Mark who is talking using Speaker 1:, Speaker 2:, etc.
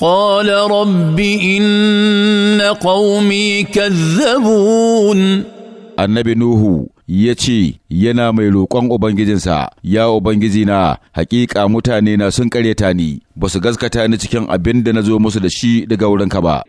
Speaker 1: قال رب إن قومي كذبون
Speaker 2: النبي نوح ya ce yana mai roƙon Ubangijinsa, ya Ubangijina, hakika mutane na sun ƙareta ni, ba su gaskata ni cikin
Speaker 3: abin da na zo musu da shi daga wurinka ba.